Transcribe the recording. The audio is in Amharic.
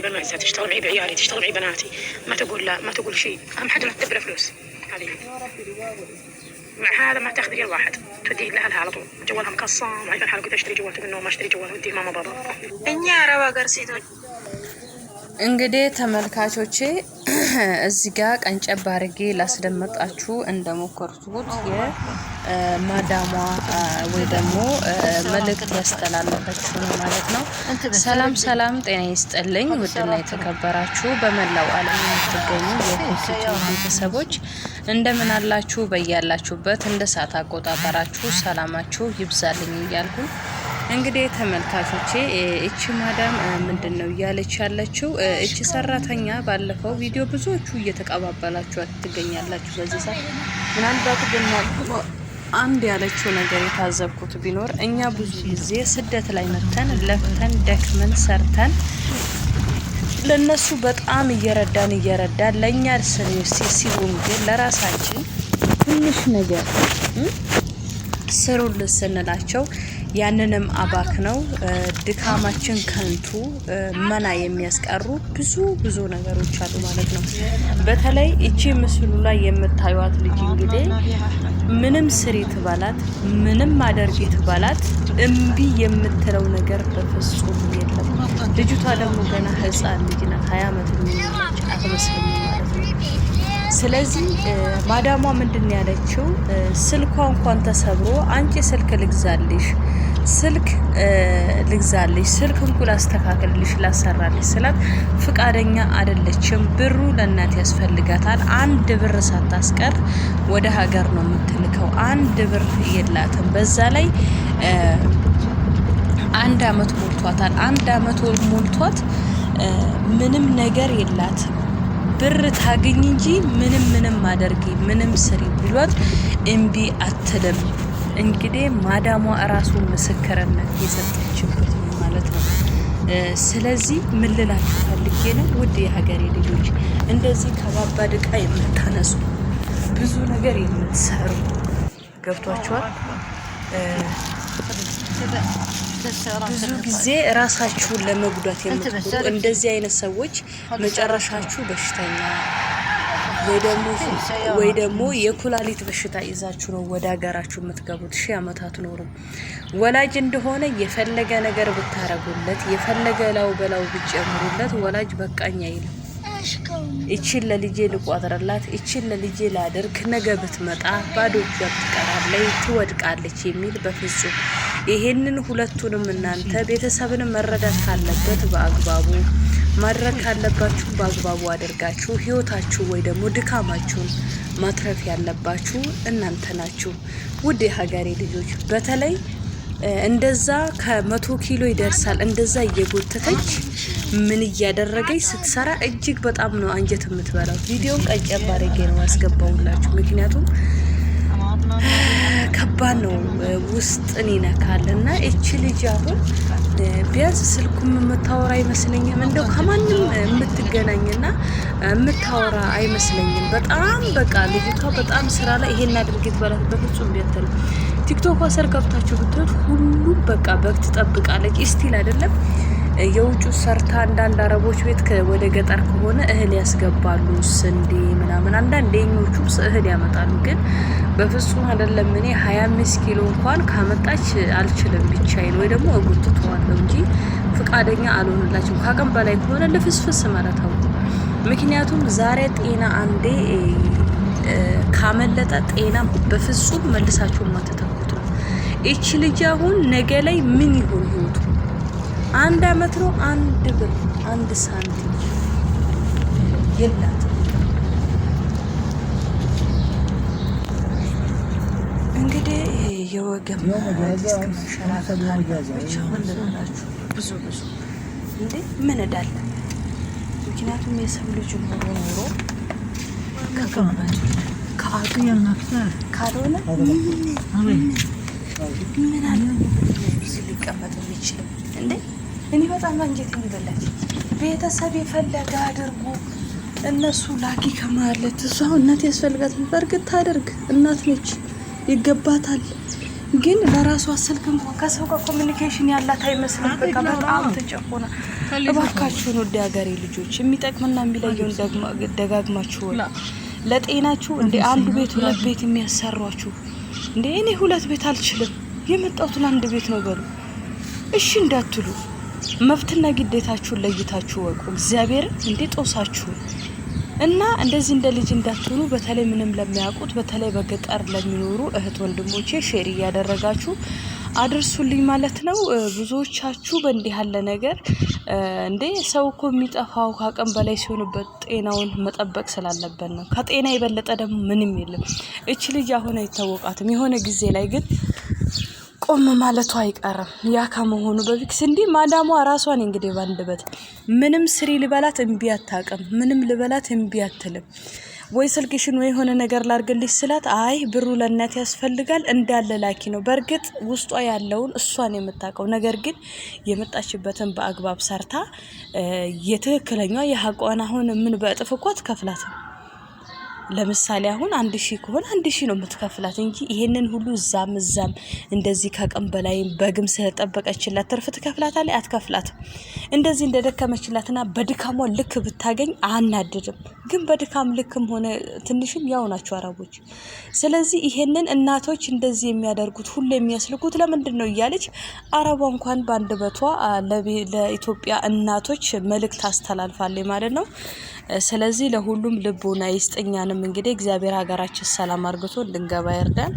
معي المأساة تشتغل معي بعيالي تشتغل معي بناتي ما تقول لا ما تقول شيء أهم حاجة إنك تدبر فلوس علي مع هذا ما تاخذ ريال واحد توديه لأهلها على طول جوالها مقصم وعارفة الحال قلت أشتري جوال تقول إنه ما أشتري جوال ودي ماما بابا እኛ ረባ ጋር ሴቶች እንግዲህ ተመልካቾቼ እዚህ ጋር ቀንጨብ አድርጌ ላስደመጣችሁ እንደሞከርኩት ማዳሟ ወይ ደግሞ መልእክት ያስተላለፈች ነው ማለት ነው። ሰላም ሰላም፣ ጤና ይስጥልኝ ውድና የተከበራችሁ በመላው ዓለም የምትገኙ የኮንቲቱ ቤተሰቦች እንደምን አላችሁ? በያላችሁበት እንደ ሰዓት አቆጣጠራችሁ ሰላማችሁ ይብዛልኝ እያልኩ እንግዲህ ተመልካቾቼ እቺ ማዳም ምንድን ነው እያለች ያለችው? እቺ ሰራተኛ ባለፈው ቪዲዮ ብዙዎቹ እየተቀባበላችሁ ትገኛላችሁ። በዚህ ሰዓት ምናልባት ግን አንድ ያለችው ነገር የታዘብኩት ቢኖር እኛ ብዙ ጊዜ ስደት ላይ መተን ለፍተን ደክመን ሰርተን ለእነሱ በጣም እየረዳን እየረዳን ለእኛ ሲሉን ግን ለራሳችን ትንሽ ነገር ስሩልን ስንላቸው ያንንም አባክ ነው ድካማችን ከንቱ መና የሚያስቀሩ ብዙ ብዙ ነገሮች አሉ ማለት ነው። በተለይ እቺ ምስሉ ላይ የምታዩት ልጅ እንግዲህ ምንም ስሪ ትባላት፣ ምንም አደርጊ ትባላት እምቢ የምትለው ነገር በፍጹም የለም። ልጅቷ ደግሞ ገና ሕፃን ልጅ ናት። ሀያ አመት የሚሆናች አትመስልም ማለት ነው። ስለዚህ ማዳሟ ምንድን ያለችው ስልኳ እንኳን ተሰብሮ አንቺ ስልክ ልግዛልሽ ስልክ ልግዛልሽ ስልክ እንኩ ላስተካክልልሽ ላሰራልሽ ስላት ፍቃደኛ አይደለችም። ብሩ ለእናት ያስፈልጋታል። አንድ ብር ሳታስቀር ወደ ሀገር ነው የምትልከው። አንድ ብር የላትም። በዛ ላይ አንድ አመት ሞልቷታል። አንድ አመት ሞልቷት ምንም ነገር የላትም። ብር ታገኝ እንጂ ምንም ምንም አደርጊ ምንም ስሪ ብሏት እምቢ አትልም። እንግዲህ ማዳሟ እራሱ ምስክርነት የሰጠችበት ነው ማለት ነው። ስለዚህ ምን ልላችሁ ፈልጌ ነው ውድ የሀገሬ ልጆች፣ እንደዚህ ከባባድ እቃ የምታነሱ ብዙ ነገር የምትሰሩ ገብቷችኋል። ብዙ ጊዜ ራሳችሁን ለመጉዳት የምትሉ እንደዚህ አይነት ሰዎች መጨረሻችሁ በሽተኛ ወይ ደግሞ የኩላሊት በሽታ ይዛችሁ ነው ወደ ሀገራችሁ የምትገቡት። ሺህ አመታት ኖሩ። ወላጅ እንደሆነ የፈለገ ነገር ብታረጉለት፣ የፈለገ ላው በላው ብጨምሩለት ወላጅ በቃኝ አይልም። እችን ለልጄ ልቋጥርላት፣ እችን ለልጄ ላደርግ፣ ነገ ብትመጣ ባዶ ትቀራለች፣ ትወድቃለች የሚል በፍጹም ይሄንን ሁለቱንም እናንተ ቤተሰብን መረዳት ካለበት በአግባቡ ማድረግ ካለባችሁ በአግባቡ አድርጋችሁ ህይወታችሁ ወይ ደግሞ ድካማችሁን ማትረፍ ያለባችሁ እናንተ ናችሁ። ውድ የሀገሬ ልጆች በተለይ እንደዛ ከመቶ ኪሎ ይደርሳል እንደዛ እየጎተተች ምን እያደረገች ስትሰራ እጅግ በጣም ነው አንጀት የምትበላው። ቪዲዮን ቀንጨባሬ ነው ያስገባውላችሁ ምክንያቱም ከባድ ነው፣ ውስጥን ይነካል። እና እቺ ልጅ አሁን ቢያንስ ስልኩም የምታወራ አይመስለኝም፣ እንደው ከማንም የምትገናኝና የምታወራ አይመስለኝም። በጣም በቃ ልጅቷ በጣም ስራ ላይ ይሄን አድርጌት በላት በፍጹም ቢያተል ቲክቶክ ስር ገብታችሁ ብትሆን ሁሉም በቃ በግ ትጠብቃለች ስቲል አይደለም የውጩ ሰርታ አንዳንድ አረቦች ቤት ወደ ገጠር ከሆነ እህል ያስገባሉ፣ ስንዴ ምናምን። አንዳንድ የኞቹ እህል ያመጣሉ። ግን በፍጹም አይደለም። እኔ ሀያ አምስት ኪሎ እንኳን ካመጣች አልችልም ብቻዬን፣ ወይ ደግሞ እጉትተዋለሁ እንጂ ፍቃደኛ አልሆንላቸው። ከአቅም በላይ ከሆነ ልፍስፍስ ማለት ነው። ምክንያቱም ዛሬ ጤና አንዴ ካመለጠ ጤና በፍጹም መልሳቸው ማተተኩት ነው። ይቺ ልጅ አሁን ነገ ላይ ምን ይሆን ህይወቱ? አንድ አመት ነው አንድ ብር አንድ ሳንቲም የላትም። እንግዲህ የወገብ ብዙ ብዙ እንዴ ምን እዳለ። ምክንያቱም የሰው ልጅ ኑሮ ኑሮ ካልሆነ ምን አለ ሊቀመጥ የሚችል እንዴ እኔ በጣም አንጀት የሚበላች ቤተሰብ የፈለገ አድርጉ። እነሱ ላኪ ከማለት እሷ እናት ያስፈልጋት በእርግጥ ታደርግ እናት ነች፣ ይገባታል። ግን ለራሷ ስልክ እንኳን ከሰው ጋር ኮሚኒኬሽን ያላት አይመስልም። በቃ በጣም ተጨቆና። እባካችሁን ወደ ሀገሬ ልጆች የሚጠቅምና የሚለየውን ደጋግማችሁ ለጤናችሁ እንደ አንድ ቤት ሁለት ቤት የሚያሰሯችሁ እንደ እኔ ሁለት ቤት አልችልም፣ የመጣሁትን አንድ ቤት ነው በሉ እሺ እንዳትሉ መብትና ግዴታችሁን ለይታችሁ ወቁ። እግዚአብሔር እንዴ ጦሳችሁ እና እንደዚህ እንደ ልጅ እንዳትሆኑ። በተለይ ምንም ለሚያውቁት በተለይ በገጠር ለሚኖሩ እህት ወንድሞቼ ሼር እያደረጋችሁ አድርሱልኝ ማለት ነው። ብዙዎቻችሁ በእንዲህ ያለ ነገር እንዴ ሰው እኮ የሚጠፋው ከአቅም በላይ ሲሆንበት ጤናውን መጠበቅ ስላለበት ነው። ከጤና የበለጠ ደግሞ ምንም የለም። እች ልጅ አሁን አይታወቃትም። የሆነ ጊዜ ላይ ግን ቆም ማለቱ አይቀርም። ያ ከመሆኑ በፊት ስንዲ ማዳሟ ራሷን እንግዲህ ባንደበት ምንም ስሪ ልበላት እምቢ አታቅም። ምንም ልበላት እምቢ አትልም። ወይ ስልክሽን ወይ የሆነ ነገር ላርግልሽ ስላት አይ ብሩ ለእናት ያስፈልጋል እንዳለ ላኪ ነው። በእርግጥ ውስጧ ያለውን እሷን የምታውቀው ነገር ግን የመጣችበትን በአግባብ ሰርታ የትክክለኛዋ የሀቋን አሁን ምን በእጥፍ እኮ ትከፍላት ለምሳሌ አሁን አንድ ሺህ ከሆነ አንድ ሺህ ነው የምትከፍላት እንጂ ይሄንን ሁሉ እዛም እዛም እንደዚህ ከቀን በላይም በግም ስለጠበቀችላት ትርፍ ትከፍላታለች? አትከፍላትም። እንደዚህ እንደደከመችላትና በድካሟ ልክ ብታገኝ አናድድም። ግን በድካም ልክም ሆነ ትንሽም ያው ናቸው አረቦች። ስለዚህ ይሄንን እናቶች እንደዚህ የሚያደርጉት ሁሉ የሚያስልኩት ለምንድን ነው እያለች አረቧ እንኳን በአንድ በቷ ለኢትዮጵያ እናቶች መልእክት አስተላልፋለች ማለት ነው። ስለዚህ ለሁሉም ልቦና ይስጥ። እንግዲህ እግዚአብሔር ሀገራችን ሰላም አርግቶ እንድንገባ ይርዳል።